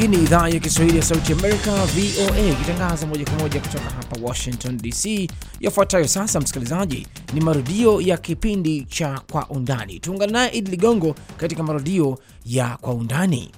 Hii ni idhaa ya Kiswahili ya Sauti Amerika, VOA, ikitangaza moja kwa moja kutoka hapa Washington DC. Yafuatayo sasa, msikilizaji, ni marudio ya kipindi cha Kwa Undani. Tuungane naye Idi Ligongo katika marudio ya Kwa Undani.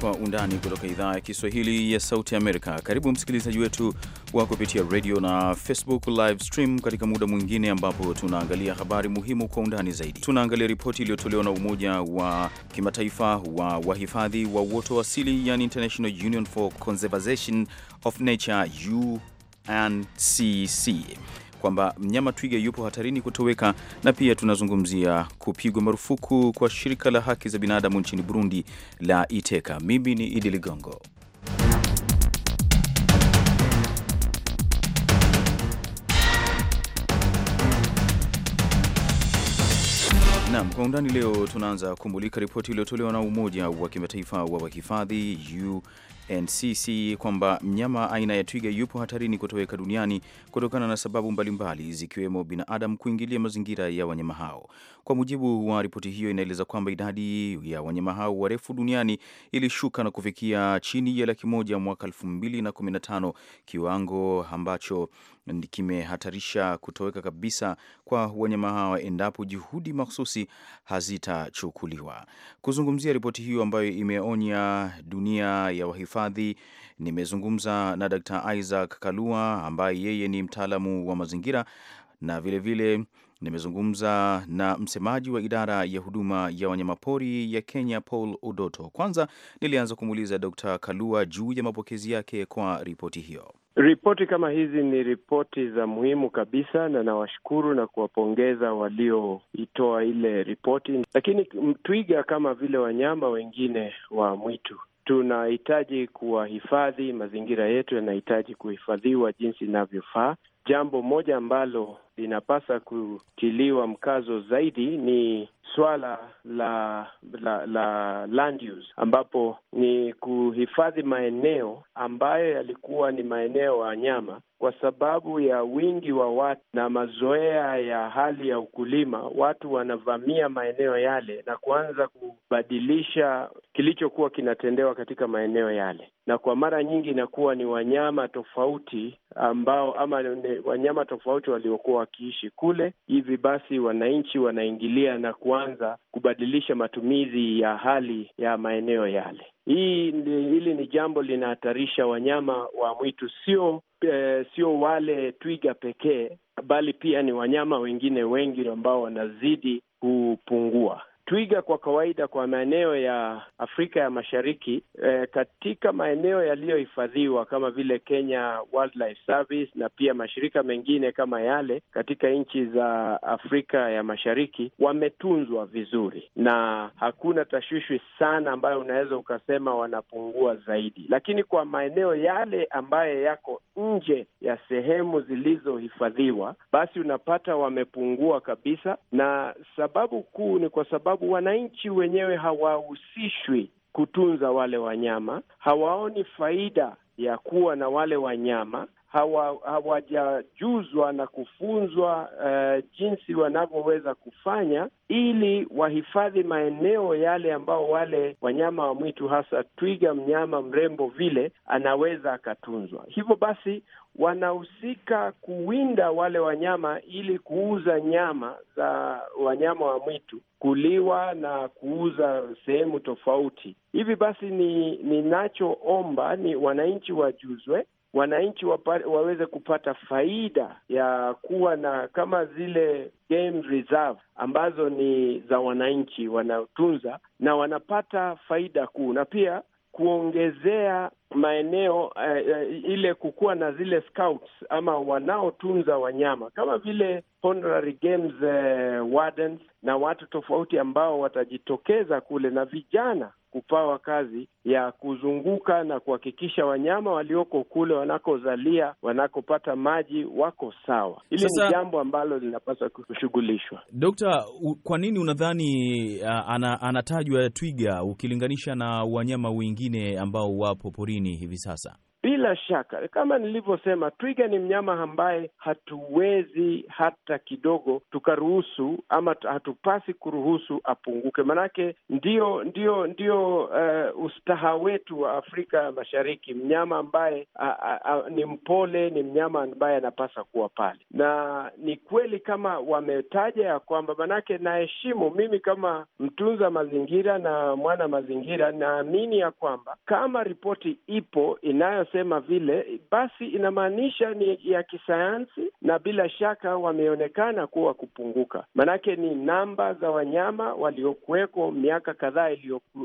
Kwa Undani kutoka idhaa ya Kiswahili ya Sauti Amerika. Karibu msikilizaji wetu wa kupitia radio na Facebook live stream katika muda mwingine ambapo tunaangalia habari muhimu kwa undani zaidi. Tunaangalia ripoti iliyotolewa na Umoja wa Kimataifa wa Wahifadhi wa Uoto wa Asili, yani International Union for Conservation of Nature, UNCC kwamba mnyama twiga yupo hatarini kutoweka, na pia tunazungumzia kupigwa marufuku kwa shirika la haki za binadamu nchini Burundi la Iteka. Mimi ni Idi Ligongo. Nam, kwa undani leo tunaanza kumulika ripoti iliyotolewa na Umoja wa Kimataifa wa Wahifadhi NCC kwamba mnyama aina ya twiga yupo hatarini kutoweka duniani kutokana na sababu mbalimbali zikiwemo binadamu kuingilia mazingira ya wanyama hao. Kwa mujibu wa ripoti hiyo, inaeleza kwamba idadi ya wanyama hao warefu duniani ilishuka na kufikia chini ya laki moja mwaka 2015, kiwango ambacho kimehatarisha kutoweka kabisa kwa wanyama hawa endapo juhudi makhususi hazitachukuliwa. Kuzungumzia ripoti hiyo ambayo imeonya dunia ya wahifadhi, nimezungumza na Dr. Isaac Kalua ambaye yeye ni mtaalamu wa mazingira na vilevile vile, nimezungumza na msemaji wa idara ya huduma ya wanyamapori ya Kenya, Paul Odoto. Kwanza nilianza kumuuliza Dr. Kalua juu ya mapokezi yake kwa ripoti hiyo. Ripoti kama hizi ni ripoti za muhimu kabisa, na nawashukuru na kuwapongeza walioitoa ile ripoti. Lakini twiga kama vile wanyama wengine wa mwitu tunahitaji kuwahifadhi, mazingira yetu yanahitaji kuhifadhiwa jinsi inavyofaa. Jambo moja ambalo linapasa kutiliwa mkazo zaidi ni swala la la, la land use, ambapo ni kuhifadhi maeneo ambayo yalikuwa ni maeneo ya wanyama kwa sababu ya wingi wa watu na mazoea ya hali ya ukulima, watu wanavamia maeneo yale na kuanza kubadilisha kilichokuwa kinatendewa katika maeneo yale, na kwa mara nyingi inakuwa ni wanyama tofauti ambao ama wanyama tofauti waliokuwa wakiishi kule. Hivi basi, wananchi wanaingilia na kuanza kubadilisha matumizi ya hali ya maeneo yale. Hii hili ni jambo linahatarisha wanyama wa mwitu, sio e, sio wale twiga pekee, bali pia ni wanyama wengine wengi ambao wanazidi kupungua. Twiga kwa kawaida kwa maeneo ya Afrika ya Mashariki e, katika maeneo yaliyohifadhiwa kama vile Kenya Wildlife Service na pia mashirika mengine kama yale katika nchi za Afrika ya Mashariki wametunzwa vizuri, na hakuna tashwishwi sana ambayo unaweza ukasema wanapungua zaidi, lakini kwa maeneo yale ambayo yako nje ya sehemu zilizohifadhiwa, basi unapata wamepungua kabisa, na sababu kuu ni kwa sababu sababu wananchi wenyewe hawahusishwi kutunza wale wanyama, hawaoni faida ya kuwa na wale wanyama hawajajuzwa hawa na kufunzwa uh, jinsi wanavyoweza kufanya ili wahifadhi maeneo yale ambao wale wanyama wa mwitu hasa twiga, mnyama mrembo vile, anaweza akatunzwa. Hivyo basi wanahusika kuwinda wale wanyama ili kuuza nyama za wanyama wa mwitu kuliwa na kuuza sehemu tofauti. Hivi basi, ninachoomba ni, ni wananchi wajuzwe wananchi waweze kupata faida ya kuwa na kama zile game reserve ambazo ni za wananchi wanaotunza, na wanapata faida kuu, na pia kuongezea maeneo uh, ile kukuwa na zile scouts ama wanaotunza wanyama kama vile honorary games uh, wardens na watu tofauti ambao watajitokeza kule na vijana kupawa kazi ya kuzunguka na kuhakikisha wanyama walioko kule wanakozalia, wanakopata maji wako sawa. Hili ni jambo ambalo linapaswa kushughulishwa. Dokta, kwa nini unadhani ana, anatajwa twiga ukilinganisha na wanyama wengine ambao wapo porini hivi sasa? Bila shaka, kama nilivyosema, twiga ni mnyama ambaye hatuwezi hata kidogo tukaruhusu ama hatupasi kuruhusu apunguke, manake ndio ndio ndio uh, ustaha wetu wa Afrika Mashariki. Mnyama ambaye a, a, a, ni mpole, ni mnyama ambaye anapasa kuwa pale, na ni kweli kama wametaja ya kwamba, manake naheshimu mimi kama mtunza mazingira na mwana mazingira, naamini ya kwamba kama ripoti ipo inayo wanasema vile, basi inamaanisha ni ya kisayansi, na bila shaka wameonekana kuwa kupunguka, manake ni namba za wanyama waliokuweko miaka kadhaa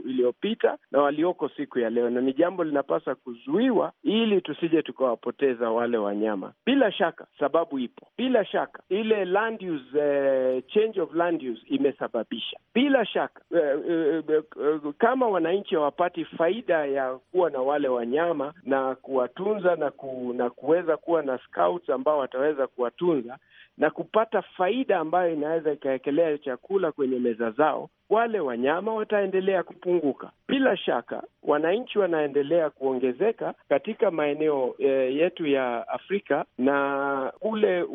iliyopita na walioko siku ya leo, na ni jambo linapaswa kuzuiwa ili tusije tukawapoteza wale wanyama. Bila shaka sababu ipo, bila shaka ile land use, eh, change of land use imesababisha, bila shaka eh, eh, eh, eh kama wananchi hawapati faida ya kuwa na wale wanyama na kuwatunza na, ku, na kuweza kuwa na scouts ambao wataweza kuwatunza na kupata faida ambayo inaweza ikawekelea chakula kwenye meza zao, wale wanyama wataendelea kupunguka. Bila shaka, wananchi wanaendelea kuongezeka katika maeneo e, yetu ya Afrika, na ule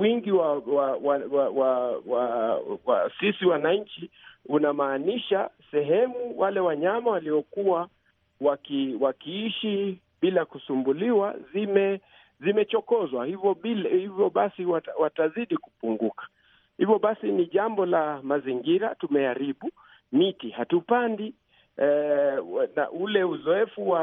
wingi wa, wa, wa, wa, wa, wa, wa sisi wananchi unamaanisha sehemu wale wanyama waliokuwa waki, wakiishi bila kusumbuliwa zime zimechokozwa hivyo bila, hivyo basi wat, watazidi kupunguka. Hivyo basi ni jambo la mazingira, tumeharibu miti, hatupandi eh, na ule uzoefu wa,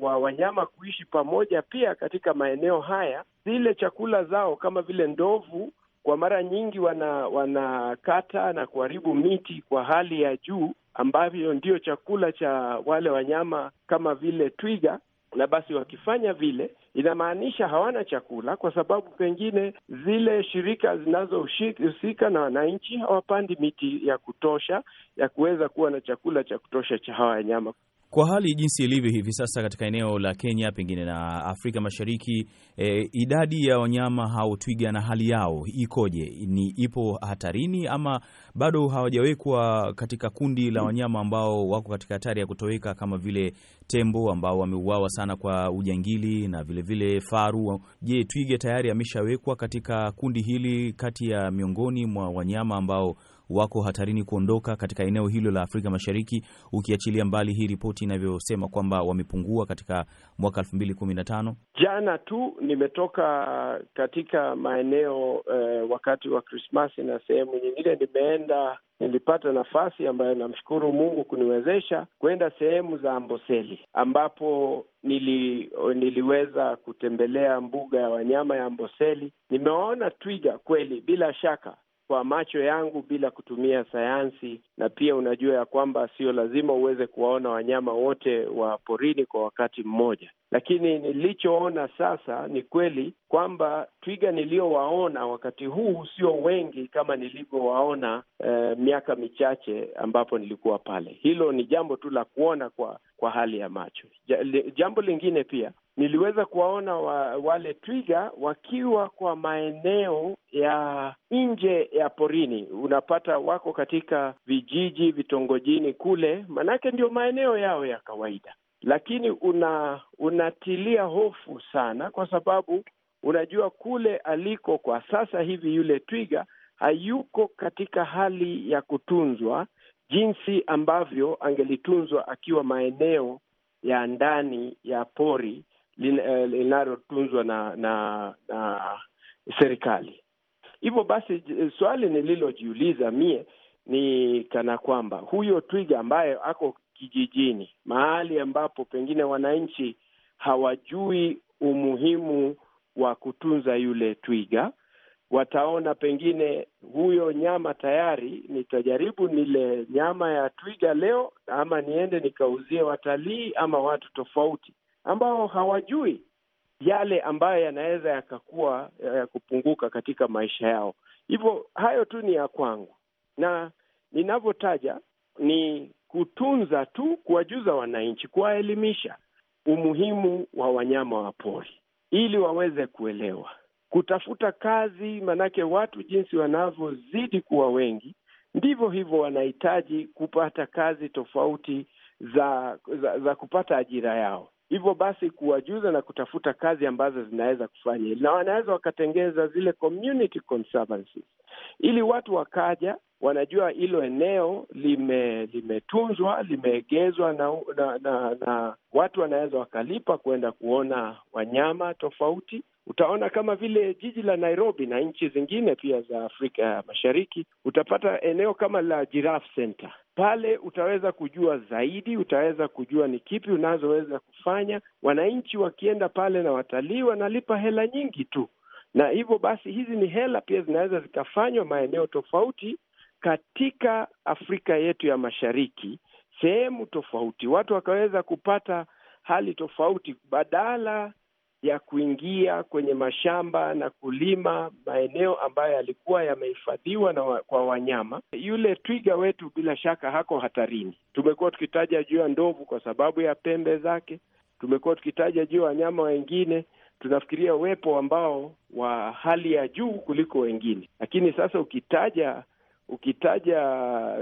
wa wanyama kuishi pamoja pia katika maeneo haya, zile chakula zao kama vile ndovu kwa mara nyingi wanakata wana na kuharibu miti kwa hali ya juu, ambavyo ndio chakula cha wale wanyama kama vile twiga na basi wakifanya vile inamaanisha hawana chakula, kwa sababu pengine zile shirika zinazohusika na wananchi hawapandi miti ya kutosha ya kuweza kuwa na chakula cha kutosha cha hawa wanyama. Kwa hali jinsi ilivyo hivi sasa katika eneo la Kenya pengine na Afrika Mashariki, e, idadi ya wanyama au twiga na hali yao ikoje? Ni ipo hatarini ama bado hawajawekwa katika kundi la wanyama ambao wako katika hatari ya kutoweka kama vile tembo ambao wameuawa sana kwa ujangili na vilevile vile faru? Je, twiga tayari ameshawekwa katika kundi hili kati ya miongoni mwa wanyama ambao wako hatarini kuondoka katika eneo hilo la Afrika Mashariki, ukiachilia mbali hii ripoti inavyosema kwamba wamepungua katika mwaka elfu mbili kumi na tano. Jana tu nimetoka katika maeneo eh, wakati wa Krismasi na sehemu nyingine nimeenda nilipata nafasi ambayo namshukuru Mungu kuniwezesha kwenda sehemu za Amboseli ambapo nili, niliweza kutembelea mbuga ya wanyama ya Amboseli. Nimewaona twiga kweli, bila shaka kwa macho yangu bila kutumia sayansi, na pia unajua ya kwamba sio lazima uweze kuwaona wanyama wote wa porini kwa wakati mmoja, lakini nilichoona sasa ni kweli kwamba twiga niliyowaona wakati huu sio wengi kama nilivyowaona eh, miaka michache ambapo nilikuwa pale. Hilo ni jambo tu la kuona kwa kwa hali ya macho. Jambo lingine pia niliweza kuwaona wa, wale twiga wakiwa kwa maeneo ya nje ya porini. Unapata wako katika vijiji vitongojini kule, manake ndio maeneo yao ya kawaida, lakini una unatilia hofu sana, kwa sababu unajua kule aliko kwa sasa hivi yule twiga hayuko katika hali ya kutunzwa jinsi ambavyo angelitunzwa akiwa maeneo ya ndani ya pori Eh, linalotunzwa na, na, na serikali. Hivyo basi eh, swali nililojiuliza mie ni kana kwamba huyo twiga ambaye ako kijijini, mahali ambapo pengine wananchi hawajui umuhimu wa kutunza yule twiga, wataona pengine huyo nyama tayari, nitajaribu nile nyama ya twiga leo, ama niende nikauzie watalii ama watu tofauti ambao hawajui yale ambayo yanaweza yakakuwa ya eh, kupunguka katika maisha yao. Hivyo hayo tu ni ya kwangu, na ninavyotaja ni kutunza tu, kuwajuza wananchi, kuwaelimisha umuhimu wa wanyama wa pori ili waweze kuelewa, kutafuta kazi, maanake watu jinsi wanavyozidi kuwa wengi ndivyo hivyo wanahitaji kupata kazi tofauti za, za, za kupata ajira yao hivyo basi kuwajuza na kutafuta kazi ambazo zinaweza kufanya, na wanaweza wakatengeza zile community conservancies, ili watu wakaja wanajua hilo eneo lime, limetunzwa limeegezwa na, na, na, na watu wanaweza wakalipa kwenda kuona wanyama tofauti utaona kama vile jiji la Nairobi na nchi zingine pia za Afrika ya Mashariki, utapata eneo kama la Giraffe Center. Pale utaweza kujua zaidi, utaweza kujua ni kipi unazoweza kufanya. Wananchi wakienda pale na watalii wanalipa hela nyingi tu, na hivyo basi hizi ni hela pia zinaweza zikafanywa maeneo tofauti katika Afrika yetu ya Mashariki, sehemu tofauti, watu wakaweza kupata hali tofauti badala ya kuingia kwenye mashamba na kulima maeneo ambayo yalikuwa yamehifadhiwa na wa, kwa wanyama. Yule twiga wetu bila shaka hako hatarini. Tumekuwa tukitaja juu ya ndovu kwa sababu ya pembe zake, tumekuwa tukitaja juu ya wanyama wengine tunafikiria uwepo ambao wa hali ya juu kuliko wengine, lakini sasa ukitaja ukitaja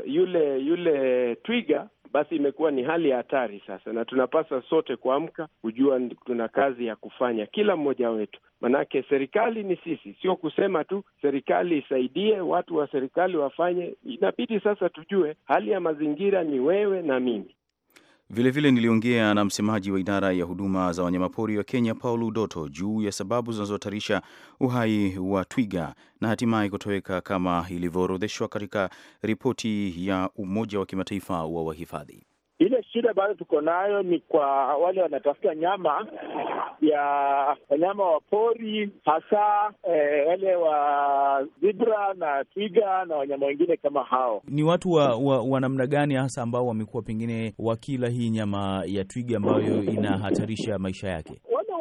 yule yule twiga basi imekuwa ni hali ya hatari sasa, na tunapaswa sote kuamka, kujua tuna kazi ya kufanya kila mmoja wetu, manake serikali ni sisi, sio kusema tu serikali isaidie, watu wa serikali wafanye. Inabidi sasa tujue hali ya mazingira ni wewe na mimi, Vilevile niliongea na msemaji wa idara ya huduma za wanyamapori wa Kenya, Paulu Doto, juu ya sababu zinazohatarisha uhai wa twiga na hatimaye kutoweka kama ilivyoorodheshwa katika ripoti ya Umoja wa Kimataifa wa Wahifadhi. Ile shida bado tuko nayo ni kwa wale wanatafuta nyama ya wanyama wa pori, hasa eh, wale wa zibra na twiga na wanyama wengine kama hao. Ni watu wa, wa, wa namna gani hasa ambao wamekuwa pengine wakila hii nyama ya twiga ambayo inahatarisha maisha yake?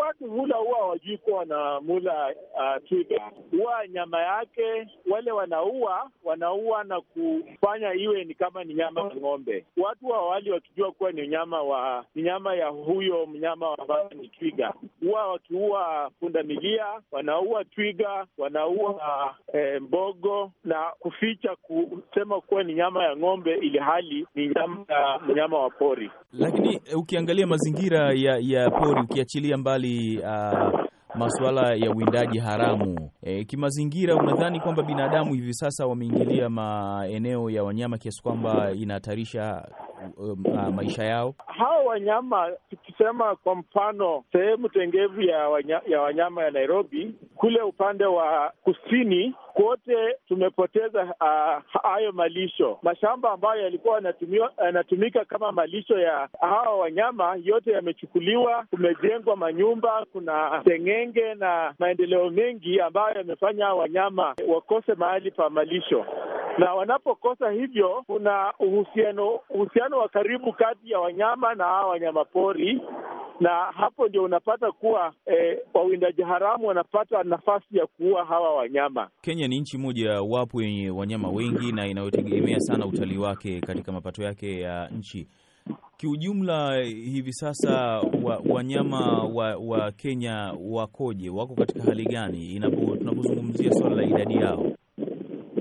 watu hula huwa wajui kuwa wanamula uh, twiga. Huwa nyama yake wale wanaua wanaua na kufanya iwe ni kama ni nyama ya ng'ombe. Watu wa awali wakijua kuwa ni nyama wa ni nyama ya huyo mnyama ambayo ni twiga. Huwa wakiua pundamilia, wanaua twiga, wanaua eh, mbogo na kuficha kusema kuwa ni nyama ya ng'ombe, ili hali ni nyama ya mnyama wa pori. Lakini eh, ukiangalia mazingira ya, ya pori ukiachilia mbali uh, masuala ya uwindaji haramu e, kimazingira, unadhani kwamba binadamu hivi sasa wameingilia maeneo ya wanyama kiasi kwamba inahatarisha uh, uh, maisha yao hawa wanyama? Tukisema kwa mfano sehemu tengevu ya, wanya, ya wanyama ya Nairobi kule upande wa kusini kote tumepoteza uh, hayo malisho. Mashamba ambayo yalikuwa yanatumika kama malisho ya hawa wanyama yote yamechukuliwa. Kumejengwa manyumba, kuna seng'enge na maendeleo mengi ambayo yamefanya wanyama wakose mahali pa malisho na wanapokosa hivyo, kuna uhusiano uhusiano wa karibu kati ya wanyama na hawa wanyama pori, na hapo ndio unapata kuwa eh, wawindaji haramu wanapata nafasi ya kuua hawa wanyama. Kenya ni nchi moja wapo yenye wanyama wengi na inayotegemea sana utalii wake katika mapato yake ya nchi kiujumla. Hivi sasa wa, wanyama wa, wa Kenya wakoje? Wako katika hali gani tunapozungumzia swala la idadi yao?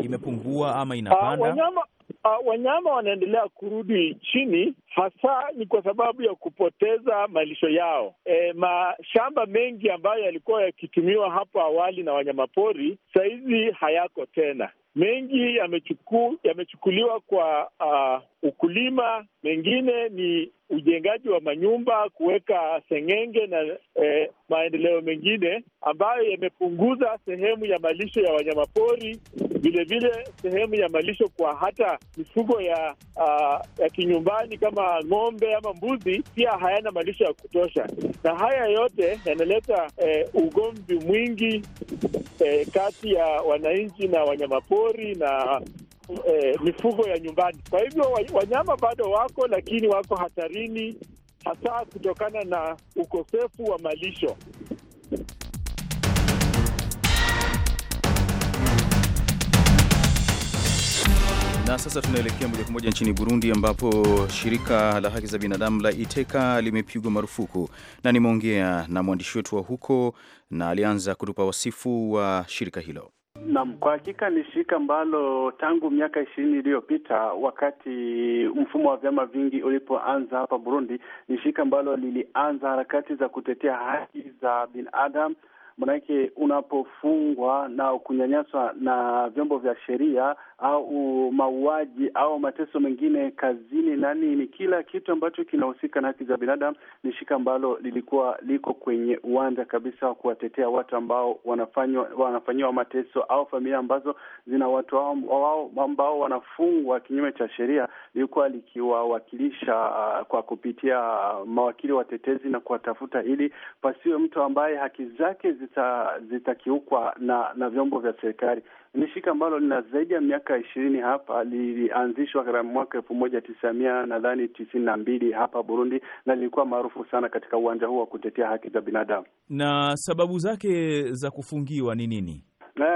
Imepungua ama ah, inapanda? Uh, wanyama uh, wanyama wanaendelea kurudi chini, hasa ni kwa sababu ya kupoteza malisho yao. E, mashamba mengi ambayo yalikuwa yakitumiwa hapo awali na wanyamapori sahizi hayako tena mengi yamechuku, yamechukuliwa kwa uh, ukulima. Mengine ni ujengaji wa manyumba, kuweka seng'enge na eh, maendeleo mengine ambayo yamepunguza sehemu ya malisho ya wanyamapori vile vile sehemu ya malisho kwa hata mifugo ya uh, ya kinyumbani kama ng'ombe ama mbuzi pia hayana malisho ya kutosha, na haya yote yanaleta eh, ugomvi mwingi eh, kati ya wananchi na wanyamapori na eh, mifugo ya nyumbani. Kwa hivyo wanyama bado wako, lakini wako hatarini, hasa kutokana na ukosefu wa malisho. Na sasa tunaelekea moja kwa moja nchini Burundi ambapo shirika la haki za binadamu la Iteka limepigwa marufuku, na nimeongea na mwandishi wetu wa huko na alianza kutupa wasifu wa shirika hilo. Naam, kwa hakika ni shirika ambalo tangu miaka ishirini iliyopita wakati mfumo wa vyama vingi ulipoanza hapa Burundi, ni shirika ambalo lilianza harakati za kutetea haki za binadamu. Manake unapofungwa na kunyanyaswa na vyombo vya sheria au mauaji au mateso mengine kazini, nani ni kila kitu ambacho kinahusika na haki za binadamu, ni shika ambalo lilikuwa liko kwenye uwanja kabisa wa kuwatetea watu ambao wanafanywa wanafanyiwa mateso au familia ambazo zina watu wao ambao wanafungwa kinyume cha sheria, lilikuwa likiwawakilisha uh, kwa kupitia uh, mawakili watetezi na kuwatafuta ili pasiwe mtu ambaye haki zake zitakiukwa zita na na vyombo vya serikali. Ni shirika ambalo lina zaidi ya miaka ishirini hapa. Lilianzishwa katika mwaka elfu moja tisa mia nadhani tisini na mbili hapa Burundi, na lilikuwa maarufu sana katika uwanja huu wa kutetea haki za binadamu. Na sababu zake za kufungiwa ni nini?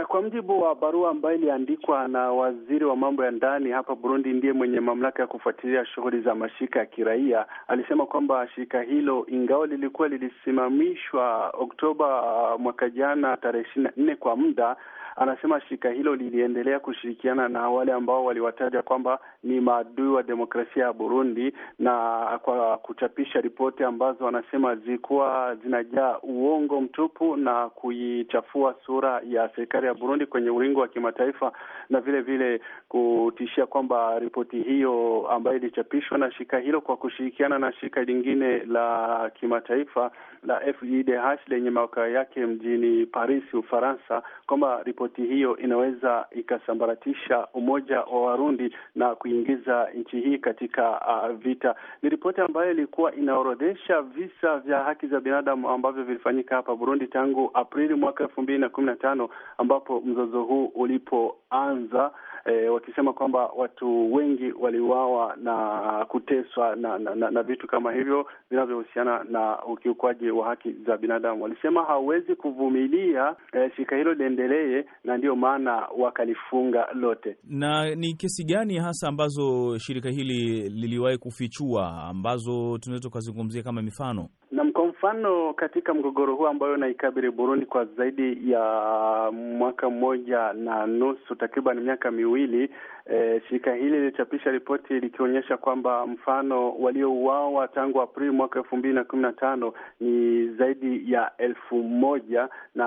kwa mjibu wa barua ambayo iliandikwa na waziri wa mambo ya ndani hapa Burundi, ndiye mwenye mamlaka ya kufuatilia shughuli za mashirika ya kiraia, alisema kwamba shirika hilo ingawa lilikuwa lilisimamishwa Oktoba uh, mwaka jana tarehe ishirini na nne kwa muda Anasema shirika hilo liliendelea kushirikiana na wale ambao waliwataja kwamba ni maadui wa demokrasia ya Burundi na kwa kuchapisha ripoti ambazo wanasema zilikuwa zinajaa uongo mtupu na kuichafua sura ya serikali ya Burundi kwenye ulingo wa kimataifa na vile vile kutishia kwamba ripoti hiyo ambayo ilichapishwa na shirika hilo kwa kushirikiana na shirika lingine la kimataifa la FIDH lenye makao yake mjini Paris, Ufaransa kwamba ripoti ripoti hiyo inaweza ikasambaratisha umoja wa Warundi na kuingiza nchi hii katika uh, vita. Ni ripoti ambayo ilikuwa inaorodhesha visa vya haki za binadamu ambavyo vilifanyika hapa Burundi tangu Aprili mwaka elfu mbili na kumi na tano ambapo mzozo huu ulipoanza e, wakisema kwamba watu wengi waliuawa na kuteswa na, na, na, na vitu kama hivyo vinavyohusiana na ukiukwaji wa haki za binadamu. Walisema hawawezi kuvumilia e, eh, shirika hilo liendelee, na ndiyo maana wakalifunga lote. Na ni kesi gani hasa ambazo shirika hili liliwahi kufichua ambazo tunaweza tukazungumzia kama mifano? Nam, kwa mfano katika mgogoro huu ambayo unaikabili Burundi kwa zaidi ya mwaka mmoja na nusu, takriban miaka miwili, E, shirika hili lilichapisha ripoti likionyesha kwamba mfano waliouawa tangu Aprili mwaka elfu mbili na kumi na tano ni zaidi ya elfu moja na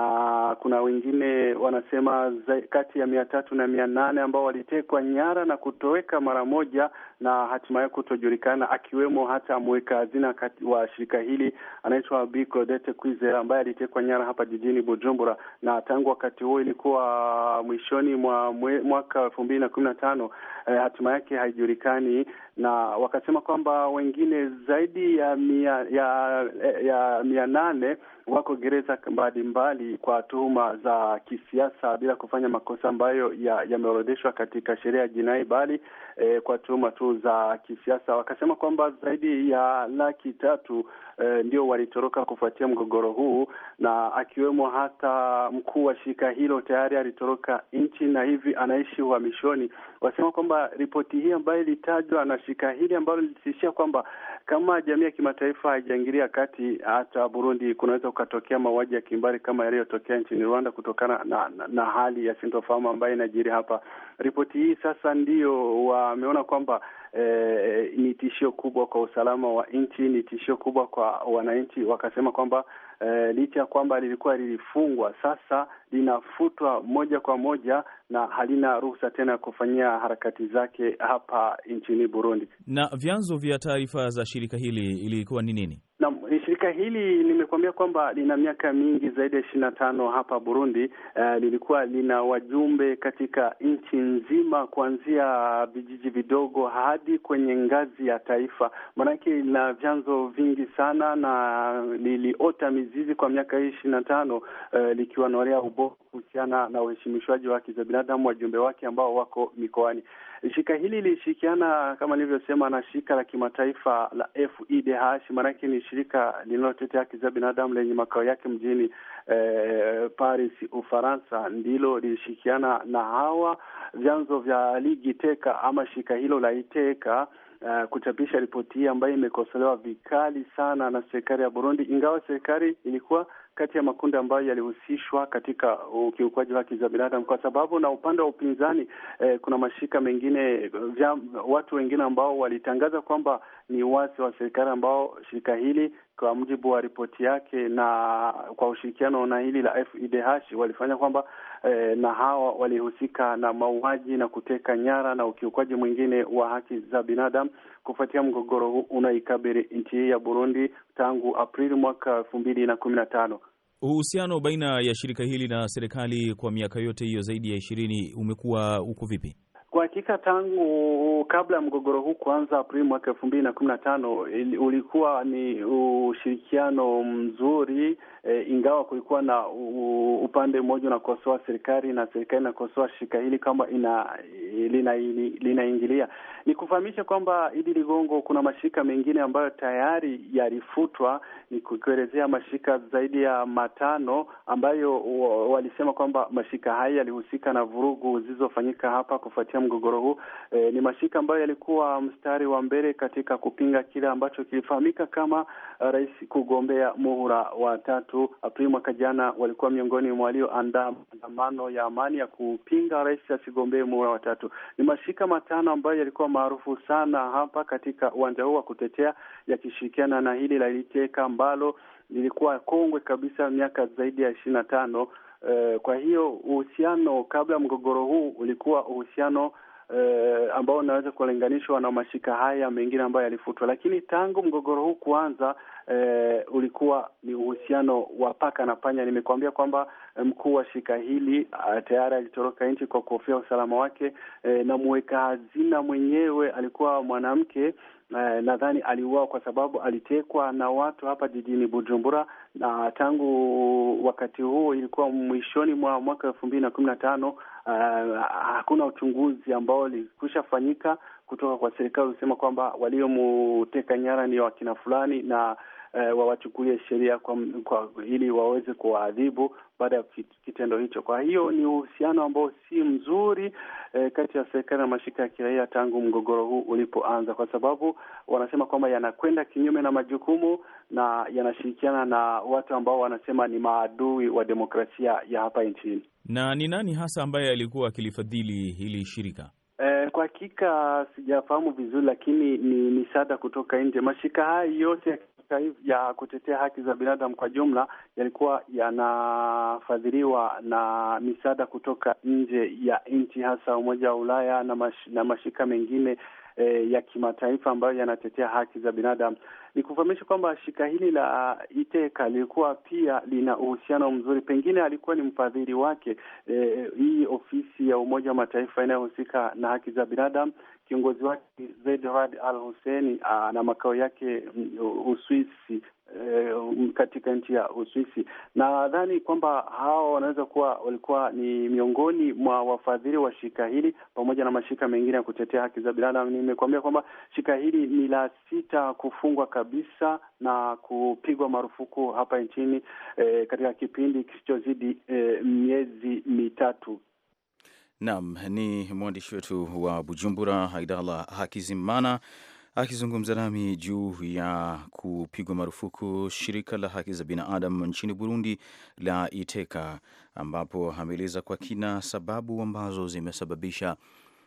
kuna wengine wanasema kati ya mia tatu na mia nane ambao walitekwa nyara na kutoweka mara moja na hatimaye kutojulikana, akiwemo hata mweka hazina wa shirika hili anaitwa Bi Claudette Kwizera ambaye alitekwa nyara hapa jijini Bujumbura, na tangu wakati huo ilikuwa mwishoni mwa mwaka elfu mbili na kumi na tano tano. Eh, hatima yake haijulikani, na wakasema kwamba wengine zaidi ya mia, ya, eh, ya mia nane wako gereza mbalimbali kwa tuhuma za kisiasa bila kufanya makosa ambayo yameorodheshwa ya katika sheria ya jinai bali e, kwa tuhuma tu za kisiasa. Wakasema kwamba zaidi ya laki tatu e, ndio walitoroka kufuatia mgogoro huu, na akiwemo hata mkuu wa shirika hilo tayari alitoroka nchi na hivi anaishi uhamishoni. Wasema kwamba ripoti hii ambayo ilitajwa na shirika hili ambalo lilitishia kwamba kama jamii ya kimataifa haijaingilia kati, hata Burundi kunaweza kukatokea mauaji ya kimbari kama yaliyotokea nchini Rwanda, kutokana na, na, na hali ya sintofahamu ambayo inajiri hapa. Ripoti hii sasa ndio wameona kwamba eh, ni tishio kubwa kwa usalama wa nchi, ni tishio kubwa kwa wananchi, wakasema kwamba Eh, licha ya kwamba lilikuwa lilifungwa, sasa linafutwa moja kwa moja na halina ruhusa tena ya kufanyia harakati zake hapa nchini Burundi. Na vyanzo vya taarifa za shirika hili ilikuwa ni nini? Na eh, shirika hili nimekuambia kwamba lina miaka mingi zaidi ya ishirini na tano hapa Burundi. Uh, lilikuwa lina wajumbe katika nchi nzima kuanzia vijiji vidogo hadi kwenye ngazi ya taifa, maanake lina vyanzo vingi sana na liliota mizizi kwa miaka hii ishirini na tano uh, eh, likiwanolea ubora kuhusiana na uheshimishwaji wa haki za binadamu wajumbe wake ambao wako mikoani. Shirika hili lilishirikiana kama nilivyosema na shirika la kimataifa la FIDH, e maanake ni shirika linalotetea haki za binadamu lenye makao yake mjini eh, Paris, Ufaransa. Ndilo lilishirikiana na hawa vyanzo vya ligi teka ama shirika hilo la iteka Uh, eh, kuchapisha ripoti hii ambayo imekosolewa vikali sana na serikali ya Burundi, ingawa serikali ilikuwa kati ya makundi ambayo yalihusishwa katika ukiukwaji wa haki za binadamu, kwa sababu na upande wa upinzani eh, kuna mashirika mengine vya, watu wengine ambao walitangaza kwamba ni uasi wa serikali ambao shirika hili kwa mujibu wa ripoti yake na kwa ushirikiano na hili la FIDH walifanya kwamba eh, na hawa walihusika na mauaji na kuteka nyara na ukiukwaji mwingine wa haki za binadamu kufuatia mgogoro huu unaikabiri nchi hii ya Burundi tangu Aprili mwaka elfu mbili na kumi na tano. Uhusiano baina ya shirika hili na serikali kwa miaka yote hiyo zaidi ya ishirini umekuwa uko vipi? Kwa hakika tangu kabla ya mgogoro huu kuanza Aprili mwaka elfu mbili na kumi na tano ulikuwa ni ushirikiano mzuri e, ingawa kulikuwa na u, upande mmoja unakosoa serikali na serikali inakosoa shirika hili kwamba linaingilia lina, lina ni kufahamisha kwamba Idi Ligongo, kuna mashirika mengine ambayo tayari yalifutwa, ni kuelezea mashirika zaidi ya matano ambayo walisema kwamba mashirika haya yalihusika na vurugu zilizofanyika hapa kufuatia mgogoro huu. E, ni mashirika ambayo yalikuwa mstari wa mbele katika kupinga kile ambacho kilifahamika kama uh, rais kugombea muhula wa tatu Aprili mwaka jana. Walikuwa miongoni mwa walioandaa maandamano ya amani ya kupinga rais asigombee muhula wa tatu. Ni mashirika matano ambayo yalikuwa maarufu sana hapa katika uwanja huu wa kutetea, yakishirikiana na hili la Iliteka ambalo lilikuwa kongwe kabisa miaka zaidi ya ishirini na tano. Uh, kwa hiyo uhusiano kabla ya mgogoro huu ulikuwa uhusiano uh, ambao unaweza kulinganishwa na mashika haya mengine ambayo yalifutwa, lakini tangu mgogoro huu kuanza eh, ulikuwa ni uhusiano wa paka na panya. Nimekuambia kwamba eh, mkuu wa shirika hili eh, tayari alitoroka nchi kwa kuhofia usalama wake, eh, na mweka hazina mwenyewe alikuwa mwanamke eh, nadhani aliuawa kwa sababu alitekwa na watu hapa jijini Bujumbura, na tangu wakati huo ilikuwa mwishoni mwa mwaka elfu mbili na kumi na tano. Uh, hakuna uchunguzi ambao likusha fanyika kutoka kwa serikali, ulisema kwamba waliomteka nyara ni wakina fulani na eh, wawachukulie sheria kwa, kwa ili waweze kuwaadhibu baada ya kitendo hicho. Kwa hiyo ni uhusiano ambao si mzuri eh, kati ya serikali na mashirika ya kiraia tangu mgogoro huu ulipoanza, kwa sababu wanasema kwamba yanakwenda kinyume na majukumu na yanashirikiana na watu ambao wanasema ni maadui wa demokrasia ya hapa nchini. Na ni nani hasa ambaye alikuwa akilifadhili hili shirika? Eh, kwa hakika sijafahamu vizuri, lakini ni misaada kutoka nje. Mashirika haya yote ya kutetea haki za binadamu kwa jumla yalikuwa yanafadhiliwa na misaada kutoka nje ya nchi, hasa Umoja wa Ulaya na, mash, na mashirika mengine E, ya kimataifa ambayo yanatetea haki za binadamu. Ni kufahamisha kwamba shirika hili la Iteka lilikuwa pia lina uhusiano mzuri, pengine alikuwa ni mfadhili wake, e, hii ofisi ya Umoja wa Mataifa inayohusika na haki za binadamu Kiongozi wake Zeid Ra'ad Al Hussein ana ah, makao yake mm, Uswisi, eh, um, katika nchi ya Uswisi. Nadhani kwamba hawa wanaweza kuwa walikuwa ni miongoni mwa wafadhili wa shirika hili pamoja na mashirika mengine ya kutetea haki za binadamu. Nimekuambia kwamba shirika hili ni la sita kufungwa kabisa na kupigwa marufuku hapa nchini eh, katika kipindi kisichozidi eh, miezi mitatu. Naam, ni mwandishi wetu wa Bujumbura, Haidala Hakizimana akizungumza nami juu ya kupigwa marufuku shirika la haki za binadamu nchini Burundi la Iteka, ambapo ameeleza kwa kina sababu ambazo zimesababisha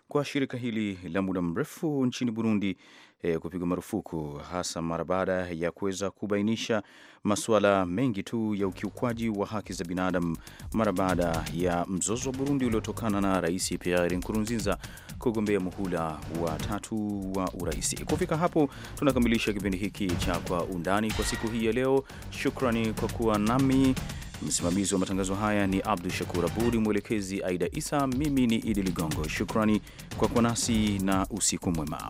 kwa shirika hili la muda mrefu nchini Burundi e, eh, kupigwa marufuku hasa mara baada ya kuweza kubainisha masuala mengi tu ya ukiukwaji wa haki za binadamu mara baada ya mzozo wa Burundi uliotokana na Rais Pierre Nkurunziza kugombea muhula wa tatu wa urahisi Kufika hapo tunakamilisha kipindi hiki cha Kwa Undani kwa siku hii ya leo. Shukrani kwa kuwa nami. Msimamizi wa matangazo haya ni Abdu Shakur Abudi, mwelekezi Aida Isa. Mimi ni Idi Ligongo. Shukrani kwa kuwa nasi na usiku mwema.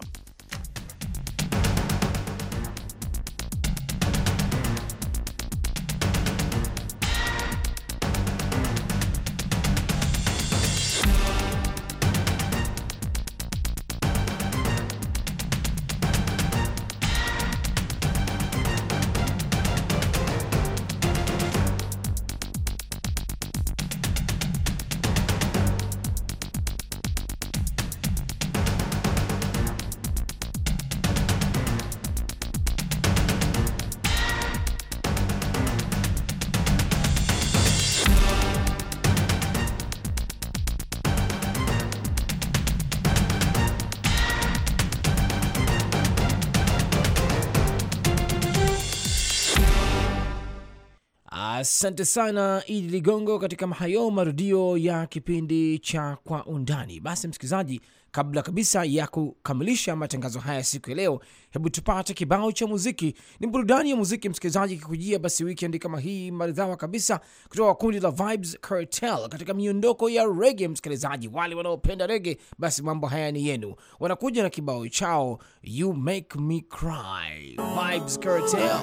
Asante sana Idi Ligongo katika mahayo marudio ya kipindi cha Kwa Undani. Basi msikilizaji, kabla kabisa ya kukamilisha matangazo haya siku ya leo, hebu tupate kibao cha muziki. Ni burudani ya muziki msikilizaji kikujia basi wikendi kama hii maridhawa kabisa, kutoka kundi la Vibes Cartel katika miondoko ya rege. Msikilizaji, wale wanaopenda rege, basi mambo haya ni yenu. Wanakuja na kibao chao You Make Me Cry, Vibes Cartel.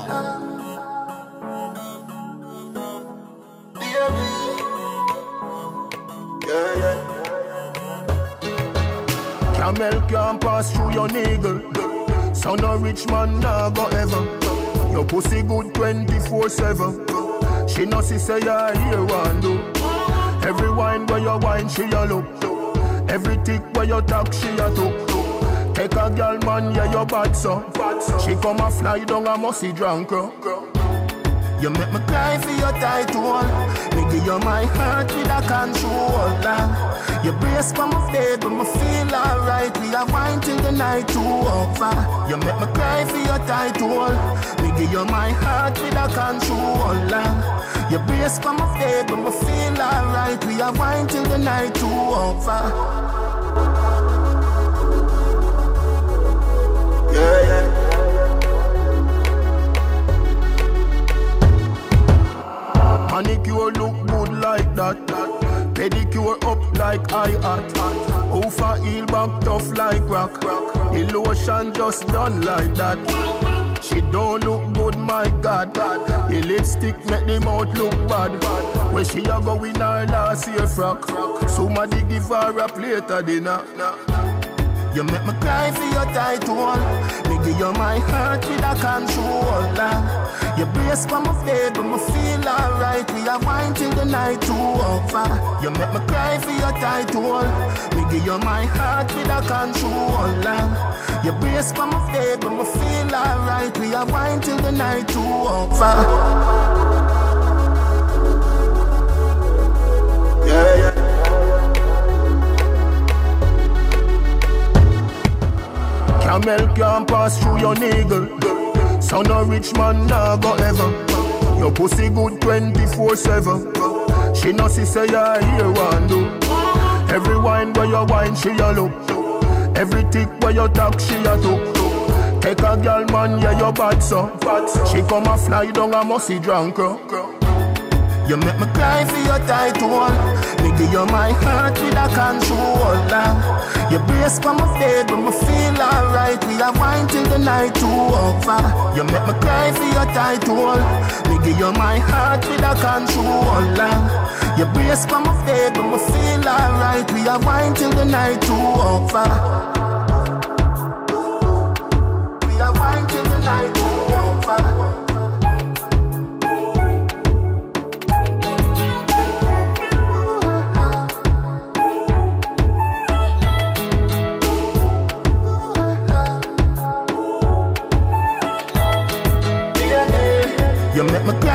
yeah, Camel can't pass through your niggle. Son a rich man nah go ever. Your pussy good 24-7. She no see say I hear one do. Every wine where you wine, she a look. Every tick where you talk, she a took. Take a girl man, yeah, you bad so. She come a fly down, I must see drunk. Uh. You make me cry for your title. Me give you my heart with a controller. You brace for my bed, but me feel alright. We are wine till the night to over. You make me cry for your title. Me give you my heart with a controller. You brace for my bed, but me feel alright. We are wine till the night to over. yeah. Manicure look good like that. Pedicure up like I at. Over heel back tough like rock. The lotion just done like that. She don't look good, my God. The lipstick make the mouth look bad. When she a go in her last year frock, somebody give her a plate of dinner. You make me cry for your title. give you my heart with a controller. You brace for my faith, but me feel alright. We are wine till the night too over. You make me cry for your title. give you my heart with a controller. You brace for my faith, but me feel alright. We are wine till the night too over. Yeah, yeah. Camel can't pass through your nigga. Son of rich man, nah go ever. Your pussy good 24 7. She know she say, I hear one do. Every wine where you wine, she a look. Every tick where you talk, she a took. Take a girl, man, yeah, you bad, so. She come a fly down, I must see drunk, girl. You make me cry for your title. Baby, you're my heart with a controller. Your brace for my bed when me feel alright. We are wine till the night to over. You make me cry for your title. Nigga, you're my heart with a controller. Your brace for my bed when me feel alright. We are wine till the night to over. We are wine till the night to over.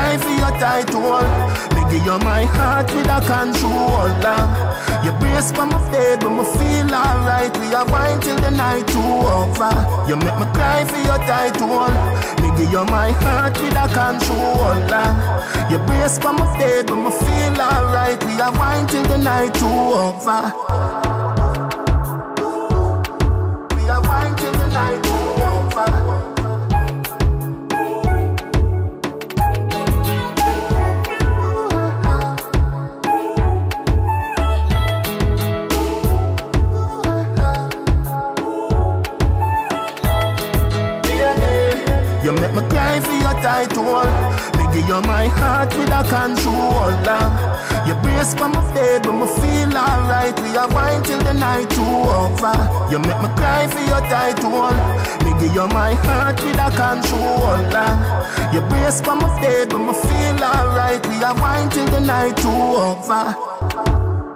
time for your title. Me give you my heart with a controller. You brace for my when me feel alright. We are wine till the night too over. You make me cry for your title. Me give you my heart with a controller. You brace for my when me feel alright. We are wine till the night too over. We are wine till the night. I for your title. Me give you my heart with a controller. You brace for my bed when me feel alright. We are wine till the night too over. You make me cry for your title. Me give you my heart with a controller. You brace for my bed when me feel alright. We are wine till the night too over.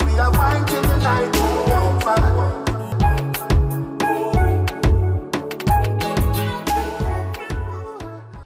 We are wine till the night too over.